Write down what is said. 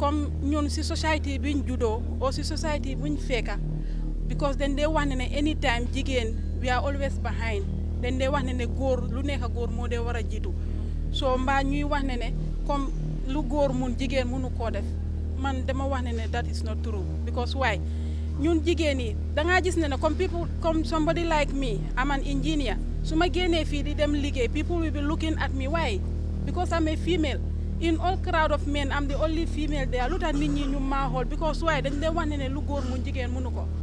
comme ñun si société bi ñu juddoo ou si société bu ñu fekka because dañ dee wax ne ne anytime jigéen we are always behind dañ dee wax ne ne góor lu nekk góor moo dee war a jiitu soo mbaa ñuy wax ne ne comme lu góor mun jigéen mënu koo def man dama wax ne ne that is not true because why ñun jigéen yi dangaa gis ne ne comme people comme somebody like me am an engineer su ma génnee fii di dem liggéey people will be looking at me why because I'm a female in all crowd of men i am the only female there Look at nit you ñu maaxool because why? Then they want ne ne lu góor mu